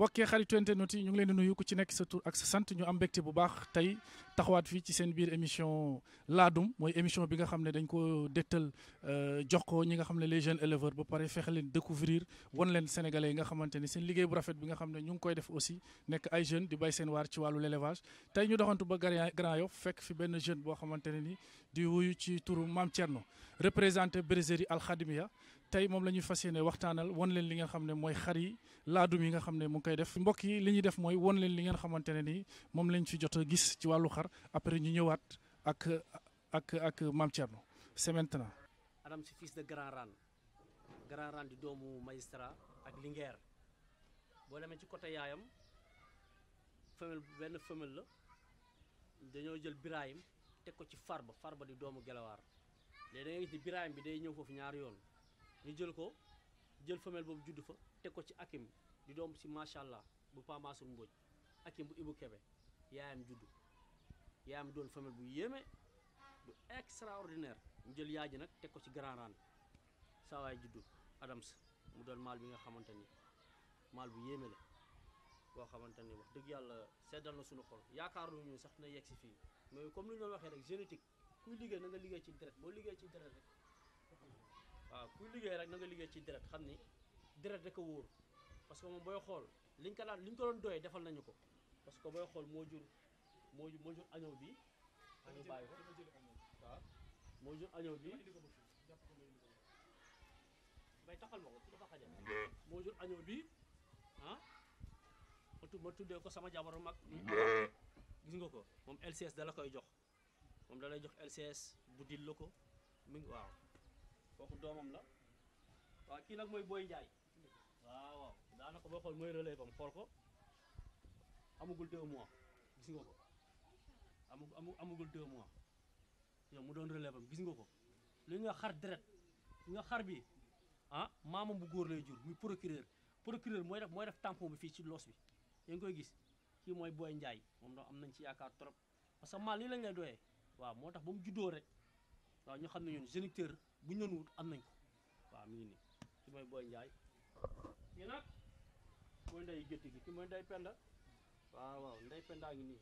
mbokkee xaritu internet yi ñu ngi leen di nuyu ku ci nekk sa tur ak sa sant ñu am mbégte bu baax tey taxawaat fii ci seen biir émission laadum mooy émission bi nga xam ne dañ ko dégtal euh, jox ko ñi nga xam ne les jeunes éleveurs ba pare fexe leen découvrir wan leen sénégalais yi nga xamante ni seen liggéey bu rafet bi nga xam ne ñu ngi koy def aussi nekk ay jeunes di bay seen waar ci wàllu l'élevage tey ñu doxantu ba Grand yo fekk fi benn jeune boo xamante ne ni di wuyu ci turu Mame Thierno représenté bergerie Al Khadimiyyah tey moom la ñuy fas yéene waxtaanal won leen li nga xam ne mooy xar yi laadum yi nga xam ne mu ngi koy def mbokk li ñuy def mooy wan leen li ngeen xamante ne nii moom lañ fi jot a gis ci wàllu xar après ñu ñëwaat ak ak ak Mame Thierno c'est maintenant. Adam si fils de Grand Rane Grand Rane di doomu magistrat ak Linguère boo demee ci côté yaayam femelle benn femelle la dañoo jël Birahim teg ko ci Farba ba di doomu Gelawaar léegi da ngay gis ni Birahim bi day ñëw foofu ñaar yoon. ñu jël ko jël famel boobu juddu fa teg ko ci akim di doom si macha allah bu pamaasu Massour Mbodj akim bu Ibou Kebe yaayam judd yaayam doon famel bu yéeme bu extraordinaire ñu jël yaay ji nag teg ko ci grand ran saa waay juddu Adams mu doon maal bi nga xamante ni maal bu yéeme la boo xamante ni wax dëgg yàlla seddal na suñu xol yaakaar nañu sax na yegg si fii mais comme lu ñu doon waxee rek génétique kuy liggéey na nga liggéey ci deret boo liggéey ci deret waaw kuy liggéey rek nanga liggéey ci deret xam ni deret rek a wóor parce que moom booy xool liñ ko daan liñ ko doon doyee defal nañu ko parce que booy xool moo jur moo jur moo jur añëw bi añëw bàyyi waaw moo jur añëw bi bay taxal ma ko dafa xaja moo jur añëw bi ah ma ma tuddee ko sama jabaru mag gis nga ko moom LCS dala koy jox moom dalay jox LCS bu dil la ko mi ngi waaw kooku doomam la waaw kii nag mooy Boy Ndiaye waaw waaw daanaka boo xool mooy relève am xool ko amagul deux mois gis nga ko amu amagul deux mois yow mu doon relève am gis nga ko li nga xar deret nga xar bi ah maamam bu góor lay jur muy procureur procureur mooy def mooy def tampon bi fii ci loos bi yaa ngi koy gis kii mooy Boy Ndiaye moom doo am nañ ci yaakaar trop parce que ma lii lañ lay doyee waaw moo tax ba mu juddoo rek waaw ñu xam ne ñun géniteur bu ñu wut am nañ ko waaw mi ngi nii ki mooy Boy Ndiaye kii nag mooy nday gétt gi ki mooy nday Penda waaw waaw nday Penda ngi nii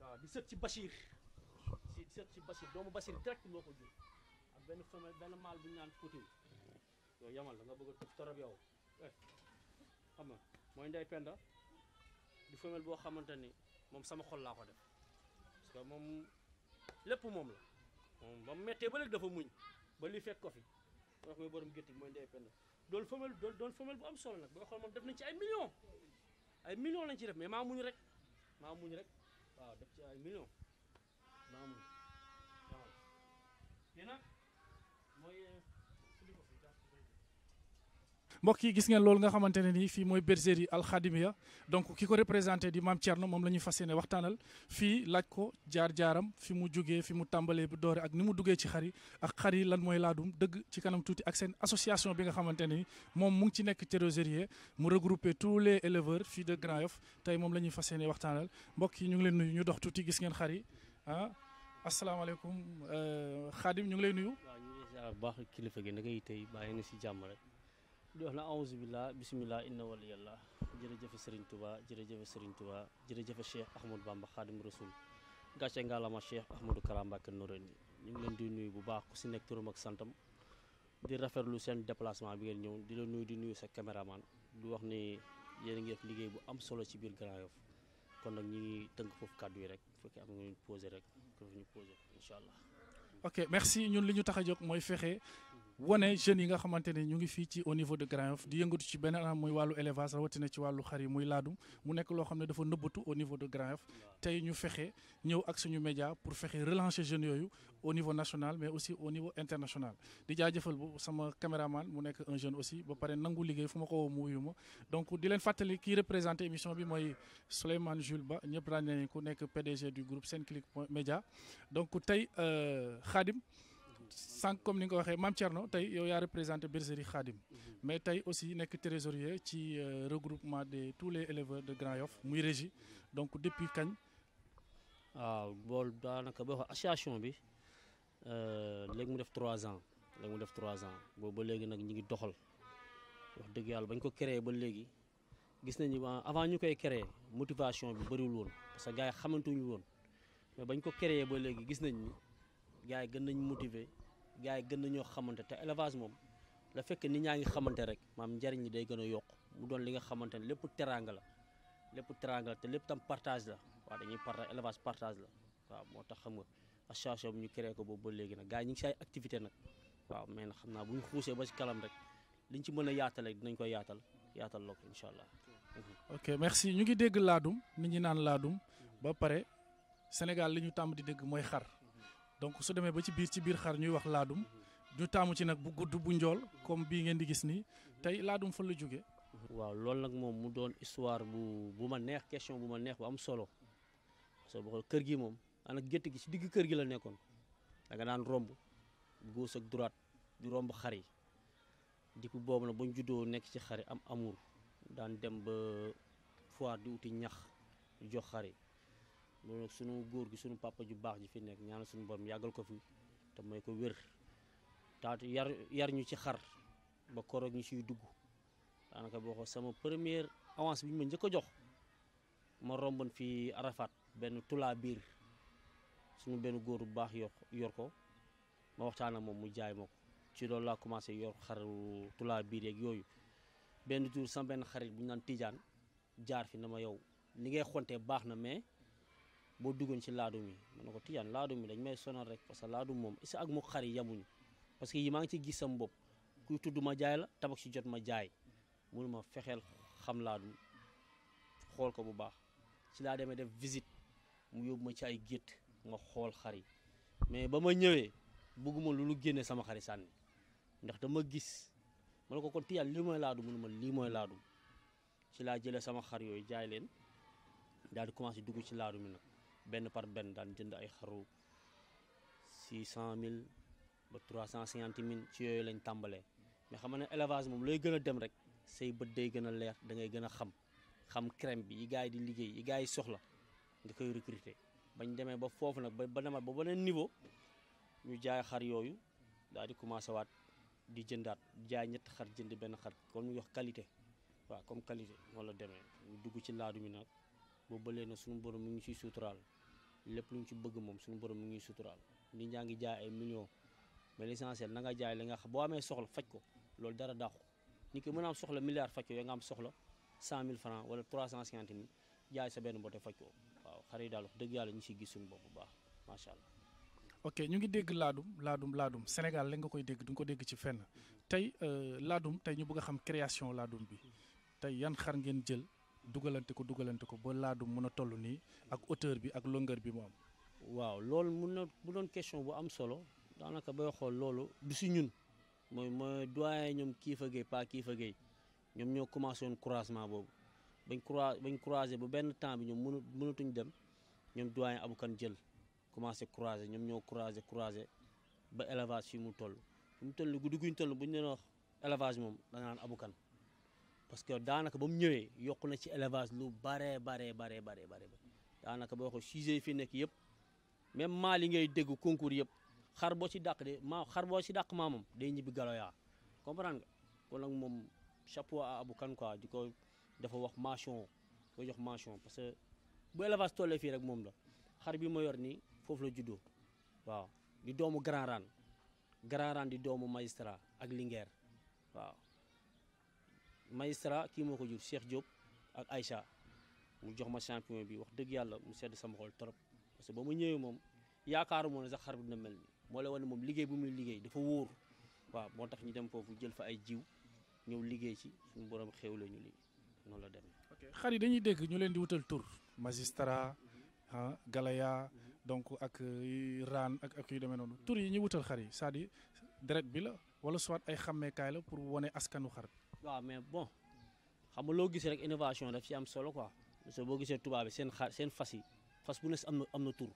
waaw di sët ci Bachir si di sët ci Bachir doomu Bachir direct moo ko jur ak benn femelle benn mâle bu ñu naan Poutine yooyu yamal da nga bëgg a tëb torop eh, mooy nday Penda di femelle boo xamante ni moom sama xol laa ko def parce que moom lépp moom la moom ba mu méttee ba léegi dafa muñ ba li fekk ko fi wax mooy borom gétt gi mooy ndey penn doon femelle doon doon femelle bu am solo nag boo xool moom def nañ ci ay millions ay millions lañ ci def mais maa muñ rek maa muñ rek waaw def ci ay millions maa muñ waaw. mooy. Euh, mbokk yi gis ngeen lool nga xamante ne nii fii mooy bergerie Al Khadimiya donc ki ko représenté di maam Thierno moom la ñuy fas yéene waxtaanal fi laaj ko jaar-jaaram fi mu jugee fi mu tàmbalee bi doore ak ni mu duggee ci xar yi ak xar yi lan mooy laadum dëgg ci kanam tuuti ak seen association bi nga xamante ni moom mu ngi ci nekk trésorier mu regroupé tous les éleveurs fii de Grand Yoff tey moom la ñuy fas yéene waxtaanal mbokk yi ñu ngi leen nuyu ñu dox tuuti gis ngeen xar ah asalaamaaleykum euh, Khadim ñu ngi lay nuyu. waaw ñu ngi gi na ngay tey bàyyi nga si jàmm rek. di wax na auzu billah bisimilah inna waliyallah jërëjëfe Serigne Touba jërëjëfe Serigne Touba jërëjëfe Cheikh Ahmadou Bamba Khadim Rasoul gàcce ngaalama Cheikh Ahmadou Kara Mbacké Noreyni ñu ngi leen di nuyu bu baax ku si nekk ak santam di rafet lu seen déplacement bi ngeen ñëw di la nuyu di nuyu sa caméraman di wax ni yéen a ngi def liggéey bu am solo ci biir Grand Yoff kon nag ñu ngi tënk foofu kàddu yi rek bu fekkee am nga ñu posé rek ko ñu posé incha a wane jeunes yi nga xamante ne ñu ngi fii ci au niveau de Grand Yoff di yëngatu ci beneen anam muy wàllu élevage rawatina ci wàllu xar yi muy laadum mu nekk loo xam ne dafa nëbbatu au niveau de Grand Yoff tey ñu fexe ñëw ak suñu média pour fexe relancer jeunes yooyu au niveau national mais aussi au niveau international di jaajëfal bu sama caméraman mu nekk un jeune aussi ba pare nangu liggéey fu ma ko woo mu wuyu ma donc di leen fàttali kii représenté émission bi mooy Souleymane Jules Ba ñëpp ràññee ku nekk PDG du groupe Senclic Média donc tey euh, Khadim sànq comme ni nga waxee Mame Thierno tey yow yaa représenté bergerie Khadim mhm. mais tey aussi nekk trésorier ci euh, regroupement de tous les éleveurs de Grand Yoff muy régie donc depuis kañ. waaw ah, bool daanaka boo xam association bi euh, léegi mu def trois ans léegi mu def trois ans boobu ba léegi nag ñu ngi doxal wax dëgg yàlla bañ ko créé ba léegi gis nañ nañu avant ñu koy créé motivation bi bëriwul woon parce que gars yi xamantuñu woon mais bañ ko créé ba léegi gis nañ ni gars gën nañ motiver. gars yi gën nañoo xamante te élevage moom la fekk nit a nga xamante la lépp teraanga la te lépp tam partage la waaw moo tax xam nga association bi ba léegi nag gars yi ñu ngi si ay activité nag waaw mais nag xam naa bu ñu xuusee ba si kalam rek liñ ci mën a yaatale dinañ ko yaatal yaatal loo ko incha allah. ok merci ñu ngi dégg laadum nit ñi naan laadum ba pare Sénégal li ñu tàmm di dégg mooy xar. donc su demee ba ci biir ci biir xar ñuy wax laadum ñu taamu ci nag bu gudd bu njool comme bii ngeen di gis nii tey laadum fan la jóge waaw loolu nag moom mu doon histoire bu bu ma neex question bu ma neex bu am solo soo bokkul kër gi moom anak gétt gi ci digg kër gi la nekkoon da nga daan romb gauche ak droite di romb xar yi depuis boobu nag bañ juddoo nekk ci xar yi am amour daan dem ba foire di uti ñax jox xar yi loolu nag sunu góor gi sunu pàppa ju baax ji fi nekk ñaanal sunu borom yàggal ko fi te may ko wér taatu yar yar ñu ci xar ba koroog ñu siy dugg daanaka boo ko sama première avance bi ma njëkk a jox ma romboon fii Arafat benn tulaa biir sunu benn góor bu baax yor yor ko ma waxtaan ak moom mu jaay ma ko ci loolu laa commencé yor xaru tulaa biir yeeg yooyu benn jour sama benn xarit bu ñu naan Tijaan jaar fi na ma yow li ngay xontee baax na mais. boo duggoon ci laadum yi ma ne ko tiyaan laadum yi dañ may sonal rek parce que laadum moom est-ce ak mu xar yi yamuñu parce que yi maa ngi ci gis sam bopp kuy tudd ma jaay la tabax ci jot ma jaay mënu ma fexeel xam laadum xool ko bu baax ci laa demee def visite mu yóbbu ma ci ay gétt ma xool xar yi mais ba ma ñëwee bëgguma lu lu génne sama xari sànni ndax dama gis ma ne ko kon tiyaan lii mooy laadum mënu ma lii mooy laadum ci laa jëlee sama xar yooyu jaay leen daal di commencé dugg ci laadum yi nag benn par benn daan jënd ay xaru six cent mille ba trois cent cinquante mille ci yooyu lañ tàmbalee mais xam ne élevage moom looy gën a dem rek say bët day gën a leer da ngay gën a xam xam crème bi yi gars yi di liggéey yi gars yi soxla nga koy recruter bañ demee ba foofu nag ba ba ba beneen niveau ñu jaay xar yooyu daal di commencé waat di jëndaat jaay ñetti xar jënd benn xar comme ñu yox qualité waaw comme qualité noonu la demee ñu dugg ci laadu mi nag. boobu ba léegi nag suñu borom mi ngi ciy suturaal lépp lu ñu ci bëgg moom suñu borom mi ngi suturaal nit ñaa ngi jaay ay millions mais l'essentiel na nga jaay li nga xam boo amee soxla faj ko loolu dara dàqu nit ki mën a am soxla milliard faj ko yaa nga am soxla cent mille francs wala trois cent cinquante mille jaay sa benn mboote faj ko waaw xare yi daal wax dëgg yàlla ñu ciy gis suñu bopp bu baax macha allah. ok ñu ngi dégg laadum laadum laadum Sénégal la nga koy dégg du nga ko dégg ci fenn tey euh, laadum tey ñu bëgg a xam création laadum bi tey yan xar ngeen jël dugalante ko dugalante ko ba laa laadum mën a toll nii ak auteur bi ak longueur bi mu am. waaw loolu mun na bu doon question bu am solo daanaka ba xool loolu du si ñun mooy mooy doyen ñoom Kiifa Gueye pas Kiifa Gueye ñoom ñoo commencé woon croisement boobu bañ crois bañ croisé bu benn temps bi ñoom a mënatuñ dem ñoom doyen Abou Kane jël commencé croisé ñoom ñoo croisé croisé ba élevage fi mu toll fi mu toll guddi guñ toll buñ leen wax élevage moom da nga naan parce que daanaka ba mu ñëwee yokk na ci élevage lu baree baree baree baree bare daanaka boo ko sujet fii nekk yëpp même maal yi ngay dégg concours yëpp xar boo ci dàq ma xar boo ci dàq maamam day ñibbi galoya comprendre nga kon nag moom chapeau à Abou Kane quoi di ko dafa wax mention ko jox mention parce que bu élevage tollee fii rek moom la xar bi ma yor nii foofu la juddoo waaw di doomu Grand Rane di doomu magistrat ak Linguère waaw magistrat kii moo ko jur Cheikh Diop ak Aïcha mu jox ma champion bi wax dëgg yàlla mu sedd sama xol trop parce que ba mu ñëwee moom yaakaaru moo ne sa xar bi dina mel ni moo la ne moom liggéey bu muy liggéey dafa wóor waaw moo tax ñu dem foofu jël fa ay jiw ñëw liggéey ci suñu borom xéw la ñu liggéey noonu la demee. ok xar yi dañuy dégg ñu leen di wutal tur. magistrat ah Galaya donc ak euh, raan ak ak yu demee noonu tur yi ñuy wutal xar yi cest deret bi la wala soit ay xàmmeekaay la pour wane askanu xar waaw mais bon xam nga loo gisee rek innovation daf ci am solo quoi parce boo gisee tubaab bi seen xar seen fas yi fas bu ne am na am na tur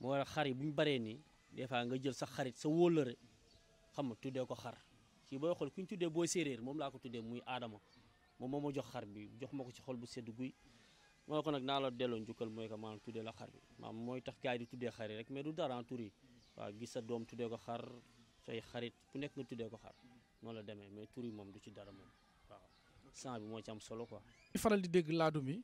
moo war a xar yi baree nii des fois nga jël sa xarit sa wóllëre xam nga tuddee ko xar kii booy xool ku tuddee booy séeréer moom laa ko tuddee muy aadama moom moo ma jox xar bi jox ma ko ci xol bu sedd guy moo ko nag naa la delloo njukkal mooy que maanaam tuddee la xar bi maanaam mooy tax gars di tuddee xar yi mais du dara tur yi waaw gis sa doom tuddee ko xar say xarit ku nekk nga tuddee ko xar noonu la demee mais tur yi moom du ci dara moom waaw bi moo ci am solo quoi. faral di dégg laadum yi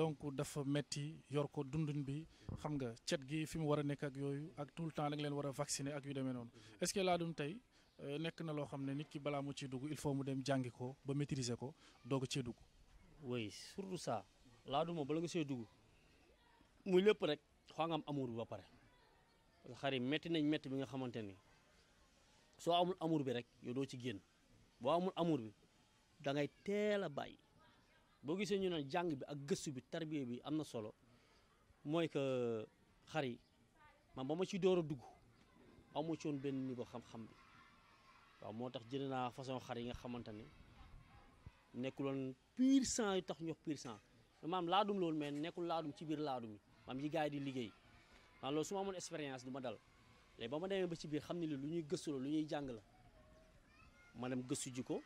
donc dafa metti yor ko dundun bi xam nga cet gi fi mu war a nekk ak yooyu ak tout le temps la nga leen war a vacciner ak yu demee noonu mhm. est-ce que laadum tey euh, nekk na loo xam ne nit ki balaa mu ciy dugg il faut mu dem jàngi ko ba maîtriser ko doog cee dugg. oui surtout ça laadum moom bala nga see dugg muy lépp rek xaw nga am amour bi ba pare xar yi métti nañ métti soo amul amur bi rek yow doo ci génn boo amul amur bi da ngay teel a bàyyi boo gisee ñu ne jàng bi ak gëstu bi tarbiya bi am na solo mooy que xar yi man ba ma ci door a dugg amu ci woon benn niveau xam-xam bi moo tax jënd naa façon xar yi nga xamante ne nekkuloon pur sang yu tax ñu wax pur sang maam laadum loolu mais nekkul laadum ci biir laadum yi maam yi yi di liggéey maanaam loolu su ma amoon expérience du ma dal. léegi ba ma demee ba ci biir xam ne li lu ñuy gëstu lu ñuy jàng la ma dem gëstu ji ko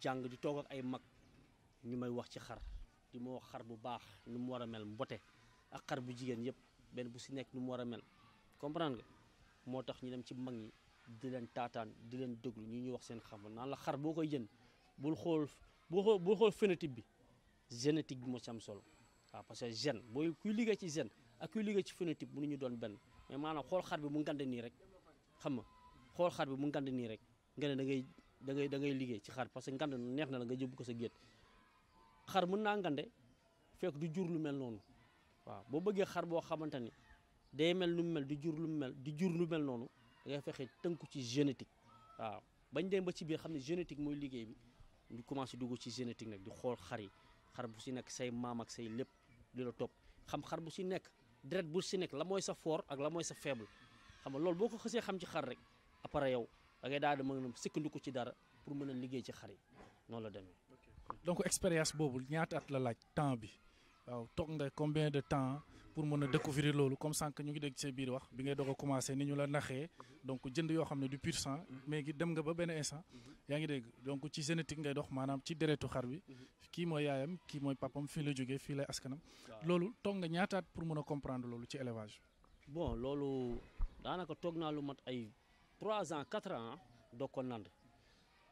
jàng di toog ak ay mag ñu may wax ci xar di ma wax xar bu baax nu mu war a mel mbote ak xar bu jigéen yëpp benn bu si nekk nu mu war a mel comprendre nga moo tax ñu dem ci mag ñi di leen taataan di leen déglu ñu ñuy wax seen xam naan la xar boo koy jën bul xool bul xool bul xool phénotype bi génétique bi moo ci am solo waaw parce que gène booy kuy liggéey ci gène ak kuy liggéey ci phénotype mënuñu doon benn mais maanaam xool xar bi mu ngand nii rek xam nga xool xar bi mu nii rek nga ne da ngay da ngay liggéey ci xar parce que ngand neex na la nga jëb ko sa géet xar mën naa fekk du jur lu mel noonu waaw boo bëggee xar boo xamante ni day mel lu mel di jur lu mel di jur lu mel noonu da ngay fexe tënku ci génétique waaw bañ dem ba ci biir xam ne génétique mooy liggéey bi ñu commencé dugg ci génétique nag di xool xar yi xar bu si nekk say maam ak say lépp di la topp xam xar bu si nekk deret bu si nekk la mooy sa fort ak la mooy sa faible xam nga loolu boo ko xësee xam ci xar rek après yow da ngay daal di mën a sukkandiku ci dara pour mën a liggéey ci xar yi noonu la demee. donc expérience boobu ñaata la laaj temps bi waaw toog nga combien de temps. pour mën a découvrir loolu comme sànq ñu ngi dégg ci biir wax bi ngay doog a commencé ni ñu la naxee donc jënd yoo xam ne du pur sang mais gi dem nga ba benn instant yaa ngi dégg donc ci génétique ngay dox maanaam ci deretu xar bi kii mooy yaayam kii mooy papam fii la jógee fii lay askanam loolu toog nga ñaataat pour mën a comprendre loolu ci élevage bon loolu daanaka toog naa lu mat ay trois ans quatre ans doog ko nand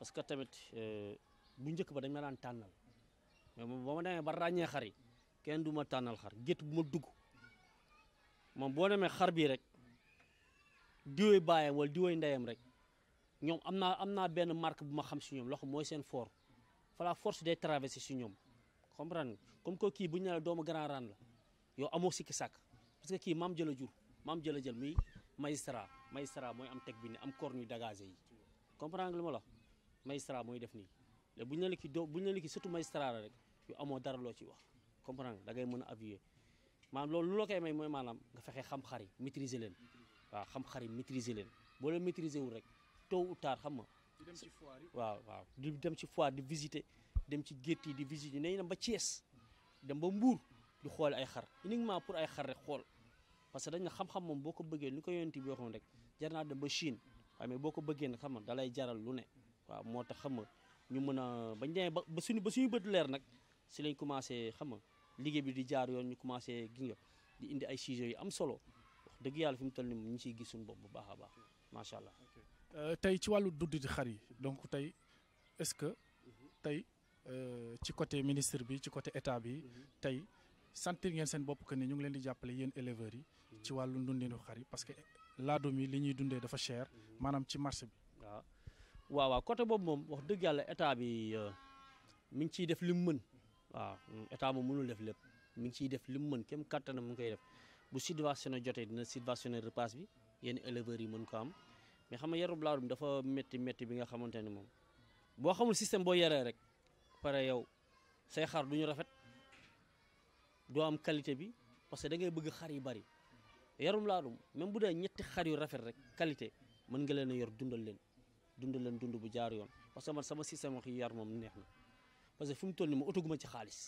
parce que tamit euh, bu njëkk ba dañ ma daan tànnal mais ba ma ba ràññee xar yi kenn du ma tànnal xar gétt moom boo demee xar bii rek diwee baayam wala diwee ndeyam rek ñoom am naa am naa benn marque bu ma xam si ñoom loxo mooy seen fort fa la force day si ñoom comprendre comme que kii bu ñu ne doomu grand ran la yow amoo sikki sàkk parce que kii maam jëla jur maam jëla jël muy magistrat magistrat mooy am teg bi ne am cornu dégagé yi comprendre nga lu ma la magistrat mooy def nii léegi bu ñu ne la ki doo bu la kii surtout magistrat la rek yow amoo dara loo ci wax comprendre da ngay mën a maa loolu lu la koy may mooy maanaam nga fexe xam xar yi leen waaw xam xar yi maîtriser leen boo leen maîtriser wul rek tôt ou tard xam ma di dem ci foire yi waaw waaw di dem ci foire di visiter dem ci gétt yi di visiter nañ dem ba Thiès dem ba Mbour di xool ay xar uniquement pour ay xar xool parce que dañ na moom boo ko bëggee lu ko yonti bi waxoon rek jar naa dem ba Chine waaye mais boo ko bëggee nag xam nga da jaral lu ne waaw moo tax xam ma ñu mën a bañ demee ba suñu ba suñu bët leer nag si lañ commencé xam nga liggéey bi di jaar yoon ñu commencé gis nga di indi ay sujets yu am solo wax dëgg yàlla fi mu toll nii ñu ciy gis suñu bopp bu baax a baax macha allah. Euh, tey ci wàllu dudd di xar yi donc tey est-ce que tey euh, ci côté ministre bi ci côté état bi tey sentir ngeen seen bopp que ni ñu ngi leen di jàppale yéen éleveurs yi. ci wàllu ndundinu xar yi parce que laadum yi li ñuy dundee dafa cher maanaam ci marché bi. waaw waaw waaw côté boobu moom wax dëgg yàlla état bi euh, mu ngi ciy def li mu mën. waaw état moom mënul def lépp mi ngi ciy def li mu mën kem kàttana mu ngi koy def bu a jotee dina subventionné repas bi yenn éleveurs yi mën ko am mais xam nga yarub laarum bi dafa métti métti bi nga xamante ne moom boo xamul système boo yaree rek pare yow say xar duñu rafet doo am qualité bi parce que da ngay bëgg xar yu bari yarum laarum même bu dee ñetti xar yu rafet rek qualité mën nga leen a yor dundal leen dundal leen dund bu jaar yoon parce que man sama système wax yar moom neex na parce que fu mu toll nii ma otoguma ci xaalis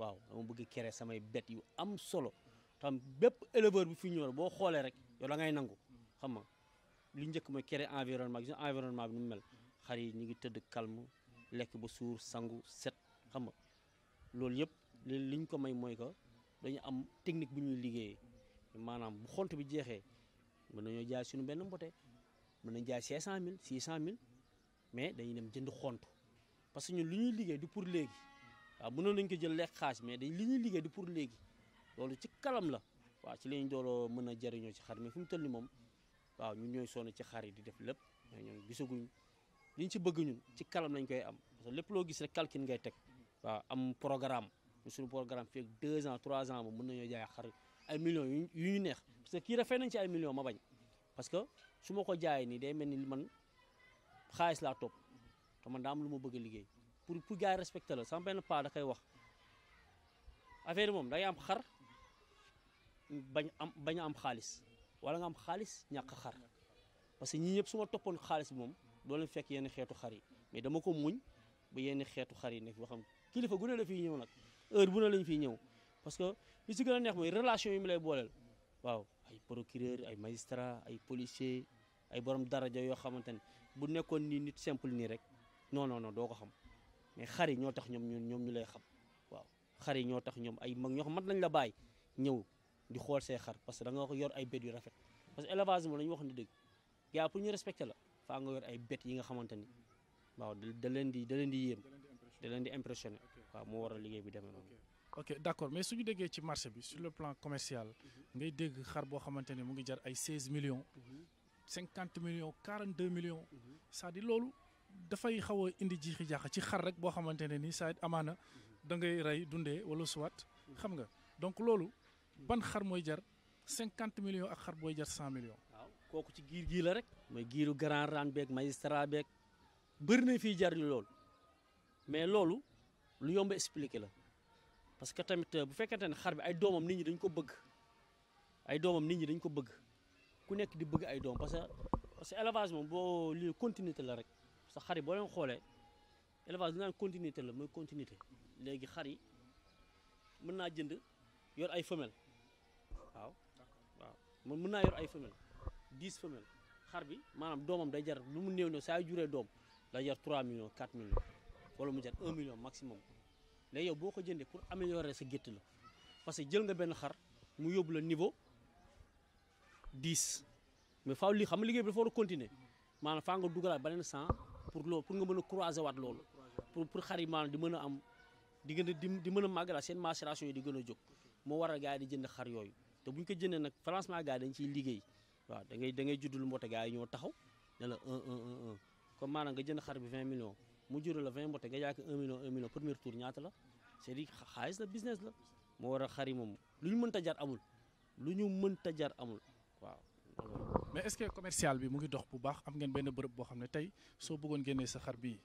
waaw dama bëgg créer samay bête yu am solo tam bépp éleveur bi fi ñëw boo xoolee rek yow da ngay nangu xam nga li njëkk mooy kere environnement gis environnement nu mel xar yi ñu ngi tëdd calme lekk ba suur sangu set xam nga loolu yëpp li ñu ko may mooy que dañu am technique bu ñuy liggéeyee maanaam bu xont bi jeexee mën nañoo jaay suñu benn mbote mën nañ jaay 500000 600000 mais dañuy dem jënd xont parce que ñun li ñuy liggéey du pour léegi waaw mënoon nañ ko jël lekk xaas mais dañ li ñuy liggéey du pour léegi loolu ci kalam la waaw ci lañ dooloo mën a jariñoo ci xar mais fu mu toll nii moom waaw ñun ñooy sonn ci xar yi di def lépp mais ñun gisaguñ liñ ci bëgg ñun ci kalam lañ koy am lépp loo gis rek calcul ngay teg waaw am programme suñu programme fii ak deux ans trois ans moom mën nañoo jaay xar ay millions yu ñu neex parce que kii rafet nañ ci ay millions ma bañ parce que su ma ko jaayee nii day mel ni man xaalis laa topp man daa am lu ma bëgg liggéey pour pour gars yi respecté la sama benn pas da koy wax affaire moom day am xar bañ am bañ am xaalis wala nga am xaalis ñàkk xar parce que ñii ñëpp su toppoon xaalis moom doo leen fekk yenn xeetu xar yi mais dama ko muñ ba yenn xeetu xar yi nekk waxam kilifa gu ne la fiy ñëw nag heure bu ne lañu fiy ñëw parce que li si gën a neex mooy relation yi mu lay booleel waaw ay procureur ay magistrat ay policier ay borom daraja yoo xamante ne bu nekkoon ni nit simple nii rek non non non doo ko xam mais xar yi ñoo tax ñoom ñun ñoom ñu lay xam waaw xar yi ñoo tax ñoom ay mag ñoo xam mat nañ la bàyyi ñëw di xool see xar parce que da nga ko yor ay bét yu rafet parce que élevage moom la ñu wax ni dëgg la faa nga yor ay bét yi nga xamante ni waaw da leen di da leen di yéem da leen di impressionné waaw moo waral liggéey bi demee noonu. ok d'accord mais suñu déggee ci marché bi sur le plan commercial ngay dégg xar boo xamante ne mu ngi jar ay 16 millions 50 mhm. millions 42 millions mhm. c'est-à-dire loolu dafay xaw a indi jiixi jaaxa ci xar rek boo xamante ne nii saa it amaana da ngay rey dundee wala suwaat xam nga donc loolu ban xar mooy jar cinquante million ak xar booy jar cent millions. waaw kooku ci giir gii la rek. mooy giiru grand ran beeg magistrat beeg bëri na fii jar ñu loolu mais loolu lu yomb expliqué la parce que tamit bu fekkente ne xar bi ay doomam nit ñi dañ ko bëgg ay doomam nit ñi dañ ko bëgg ku nekk di bëgg ay doom parce que parce que boo lii continuité la rek. parce que xar yi boo leen xoolee élevage li naan continuité la mooy continuité léegi xar yi mën naa jënd yor ay femelle waaw waaw man mën naa yor ay femelle dix femelle xar bi maanaam doomam day jar lu mu néew ne saa yu juree doom day jar 3 millions 4 millions wala mu jar 1 million maximum léegi yow boo ko jëndee pour améliorer sa gétt la parce que jël nga benn xar mu yóbbu la niveau 10 mais faaw li xam nga liggéey bi dafa war a continuer maanaam faa nga pour loolu pour nga mën a croiser waat loolu pour pour xar yi maanaam di mën a am di gën a a màgg seen macération yi di gën jog moo waral gars yi di jënd xar yooyu te bu ñu ko jëndee nag franchement gars yi dañ ciy liggéey waaw da ngay da ngay juddul mbote gars yi ñoo taxaw ne la un un un un comme maanaam nga jënd xar bi 20 millions mu jural la 20 mbote nga yaak 1 million 1 million premier tour ñaata la c'est-à-dire xaalis la la moo waral xar yi moom lu ñu mënta jar amul lu ñu mënta jar amul waaw mais est-ce que commercial bi mu ngi dox bu baax am ngeen benn bërëb boo xam ne tey soo bëggoon génnee sa xar bii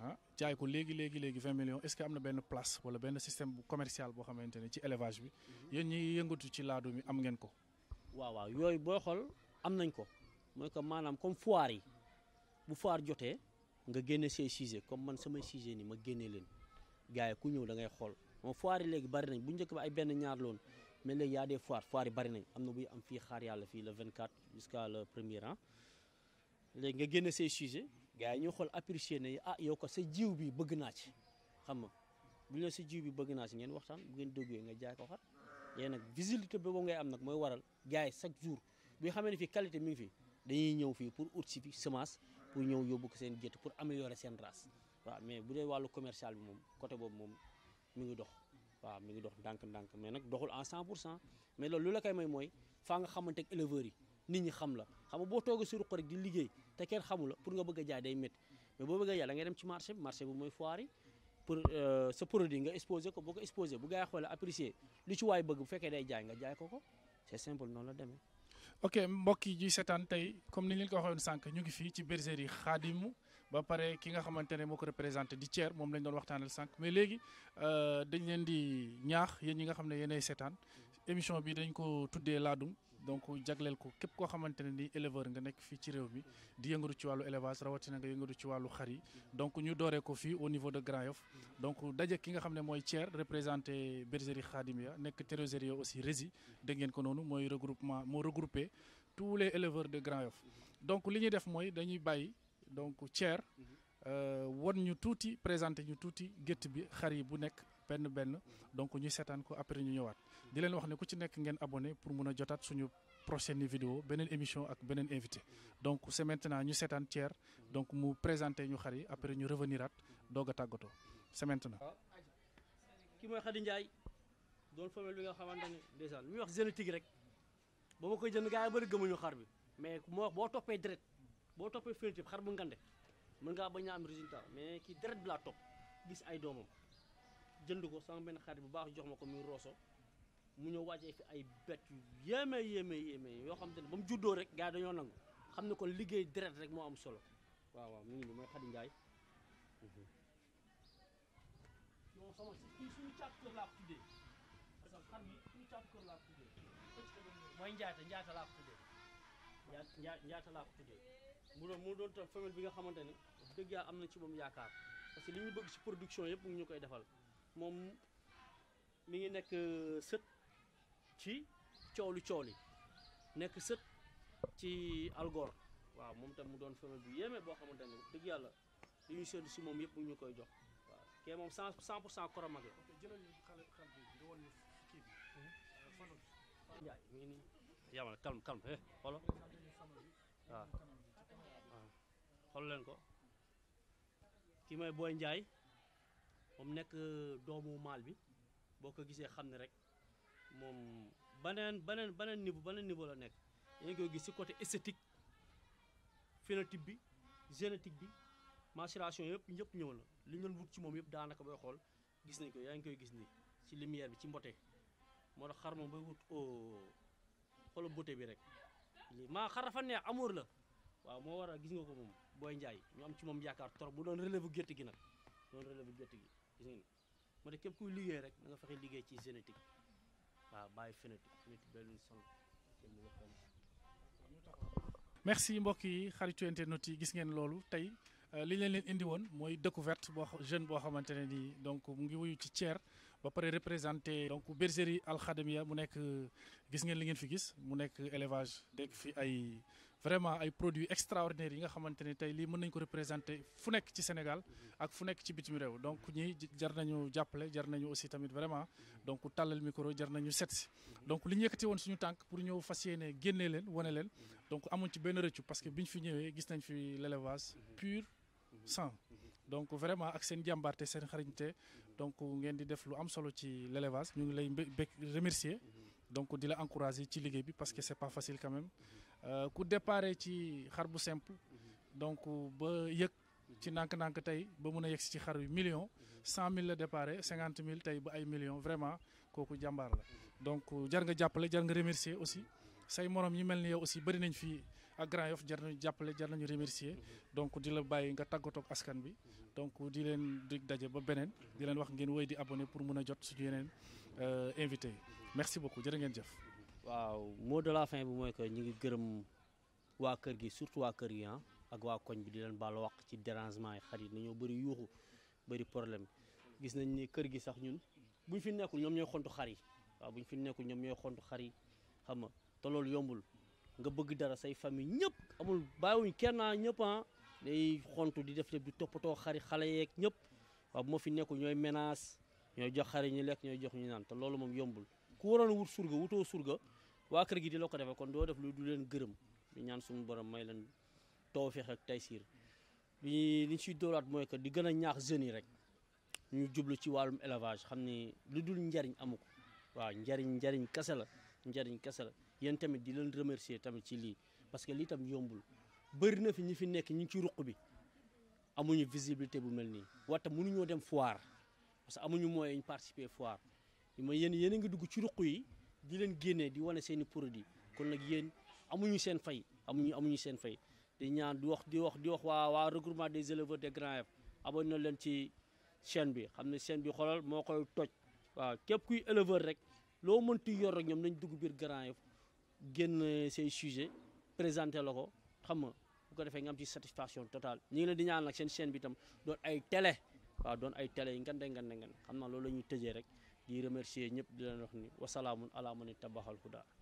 ah jaay ko léegi léegi léegi vingt millions est-ce am na benn place wala benn système bu commercial boo xamante ne ci élevage bi mhm. yéen ñi yëngatu ci laadu bi am ngeen ko waaw yooyu boo xool am nañ ko mooy que maanaam comme foire yi bu foire jotee nga génne say sujet comme man samay sujet ni ma génnee leen gars yi ku ñëw da ngay xool moom foire yi léegi bari nañ bu njëkk ba ay benn ñaar loon mais léegi y a des foires foires yi bari nañ am na buy am fii xaar yàlla fii le 24 jusqu'à le premier rang léegi nga génn say sujet gars yi ñoo xool apprécier ne ah yow ko sa jiw bi bëgg naa ci xam nga bu ñu la sa jiw bi bëgg naa ci ngeen waxtaan bu ngeen déggee nga jaay ko xar léegi nag visibilité boobu ngay am nag mooy waral gars yi chaque jour bi xamee ne fii qualité mi ngi fi dañuy ñëw fii pour ut si fi semence pour ñëw yóbbu ko seen gétt pour améliorer seen race waaw mais bu dee wàllu commercial bi moom côté boobu moom mi ngi dox waaw mi ngi dox ndànk-ndànk mais nag doxul en 100 pour cent mais loolu la koy may mooy faa nga xamante ak éleveurs nit ñi xam la xam boo toogee sur ko rek di liggéey te kenn xamu pour nga bëgg a jaay day métti mais boo bëgg a jaay da ngay dem ci marché bi marché bi mooy foire yi pour euh, sa produit nga exposé ko boo ko exposé bu gaa yi xoolee apprécier lu ci waay bëgg bu fekkee day jaay nga jaay ko ko c'est simple noonu la demee. ok mbokk yi ji seetaan tey comme ba pare ki nga xamante ne moo ko représenté di Thier moom lañ doon waxtaanal sànq mais léegi euh, dañ leen di ñaax yéen ñi nga xam ne yéenay seetaan émission bi dañ ko tuddee laadum donc jagleel ko képp koo xamante ne ni éleveur nga nekk fii ci réew mi di yëngatu ci wàllu élevage rawatina nga yëngatu ci wàllu xar yi donc ñu dooree ko fii au niveau de Grand yof donc daje ki nga xam ne mooy Thier représenté bergerie Khadimia nekk trésorier aussi rési dégg ngeen ko noonu mooy regroupement moo regroupé tous les éleveurs de Grand donc li ñuy def mooy dañuy bàyyi donc Thier mhm. euh, wan ñu tuuti présenté ñu tuuti gétt bi xar yi bu nekk benn benn mhm. donc ñu seetaan ko après ñu ñëwaat di leen wax ne ku ci nekk ngeen abonné pour mun a jotaat suñu prochaine vidéo beneen émission ak beneen invité mhm. donc c'est maintenant ñu seetaan Thier donc mu présenté ñu xar yi après ñu reveniraat doog a tàggatoo c'est maintenant. Ah. ki mooy Khady Ndiaye doon femelle bi nga xamante ne ndeysaan lu ñuy wax génétique rek ba ma koy jënd gars yi bëri gëmuñu xar bi mais moo boo toppee direct boo toppee fële xar bu ngande mën ngaa bañ a am résultat mais kii deret bi laa topp gis ay doomam jënd ko sama benn xarit bu baax jox ma ko muy rooso mu ñëw wàccee fi ay bett yu yéeme yéeme yéeme yoo xam te ne ba juddoo rek gars yi xam ne kon liggéey deret rek moo am solo waaw waaw mu ngi nii mooy Xadi Njaay que xar ko tuddee mooy njaata njaata njaa njaa njaata laa ko tuddee mu doon mu doon tam famille bi nga xamante ne dëgg yaa am na ci moom yaakaar parce que li ñu bëgg ci production yëpp ñu koy defal moom mi ngi nekk euh, sët ci coolu li nekk sët ci algor waaw moom tam mu doon famille bi yéeme boo xamante ne dëgg yàlla li ñu séntu si moom yëpp ñu koy jox waaw kee moom cent cent pour cent koromage la. ok jëlal kii bi. Mhm. Euh, Ndiaye mi eh xoolal waaw ah. ah. waaw leen ko ki may boo Ndiaye moom nekk doomu maal bi boo ko gisee xam ne rek moom baneen baneen baneen niveau baneen niveau la nekk dañu koy gis si côté esthétique phénotype bi génétique bi macération yëpp yëpp ñëw na li ñu doon wut ci moom yëpp daanaka booy xool gis nañ ko yaa ngi koy gis nii ci lumière bi ci mbote moo tax xar moom bay wut oh, xoolal beauté bi rek lii maa xarafa neex amour la waaw moo war a gis nga ko moom booy njaay ñoo am ci moom yaakaar trop bu doon relève gerte gi nag doon relève gerte gi gis ne képp kuy liggéey rek na nga fexe liggéey ci génétique waaw bàyyi phénétique phénétique day luñ sonn merci mbokk yi xaritu internet yi gis ngeen loolu tey euh, li leen leen indi woon mooy découverte boo xam jeune boo xamante ne nii donc mu ngi wuyu ci Thier ba pare représenté donc bergerie alxadamia mu nekk gis ngeen li ngeen fi gis mu nekk élevage nekk fi ay vraiment ay produits extraordinaires yi nga xamante ne tey lii mën nañ ko représenté fu nekk ci Sénégal ak fu nekk ci bitim réew donc ñi jar nañu jàppale jar nañu aussi tamit vraiment donc tàllal micro jar nañu set si donc li ñu yëkkati woon suñu tànk pour ñëw fas yéene génne leen wane leen donc amuñ ci benn rëccu parce que biñ fi ñëwee gis nañ fi l'élevage sans donc vraiment ak seen jàmbaarte seen xarañte donc ngeen di def lu am solo ci l' ñu ngi lay bé remercier donc di la encourager ci liggéey bi parce que c' est pas facile quand euh, ku dépare ci xar bu simple donc ba yëg ci nànk-nànk tey ba mun a yegg ci xar yu million cent mille la dépare cinquante mille tey ba ay millions vraiment kooku jàmbaar la donc jar nga jàppale jar nga remercier aussi say moroom yi mel ni yow aussi bëri nañ fii ak Grand Yoff jar nañu jàppale jar nañu remercier donc di la bàyyi nga tàggatoog askan bi donc di leen dig daje ba beneen di leen wax ngeen woy di abonné pour mun a jot suñu yeneen euh, invité merci beaucoup jërë ngeen jëf waaw moo de la fin bi mooy que ñu ngi gërëm waa kër gi surtout waa kër gi ah, ak waa koñ bi di leen baal wax ci dérangement yi xarit ñoo bëri yuuxu bëri problème gis nañ ni kër gi sax ñun buñ fi nekkul ñoom ñooy xontu xar yi waaw buñ ñu nekkul ñoom ñooy xontu xar yi xam nga te loolu yombul nga bëgg dara say famille ñëpp amul bàyyiwuñ kenn naa ah ñëpp ah day xontu di def lépp di toppatoo xari xale yeeg ñëpp waaw bu ma fi nekkul ñooy menace ñooy jox xari ñu lekk ñooy jox ñu naan te loolu moom yombul ku waroon wut surga wutoo surga waa kër gi di la ko defee kon doo def lu du leen gërëm di ñaan suñu borom may leen tawfeex ak taysiir bi li ñu siy doolaat mooy que di gën a ñaax jeunes yi rek ñu jublu ci wàllum élevage xam ni lu dul njariñ amu waaw njariñ njariñ kese la njariñ kese la yéen tamit di leen remercier tamit ci lii parce que lii tam yombul bëri na fi ñi fi nekk ñi ci ruq bi amuñu visibilité bu mel nii waxta mënuñoo dem foire parce que amuñu moyen ñu participer foire mooy yéen yéen a ngi dugg ci ruq yi di leen génnee di wane seen i produit kon nag yéen amuñu seen fay amuñu amuñu seen fay di ñaan di wax di wax di wax waa waa regroupement des éleveurs de Grand Yoff abonné na leen ci chaîne bi xam ne seen bi xoolal moo koy toj waaw képp kuy éleveurs rek loo mënti yor rek ñoom nañ dugg biir Grand Yoff génn say sujet présenté la ko xam nga bu ko defee nga am ci satisfaction totale ñu ngi leen di ñaan nag seen chaîne bi tam doon ay télé waaw doon ay télé yi ngan de ngan xam naa loolu la ñuy tëjee rek di remercier ñëpp di leen wax ni wasalaamun ala man tabaxal huda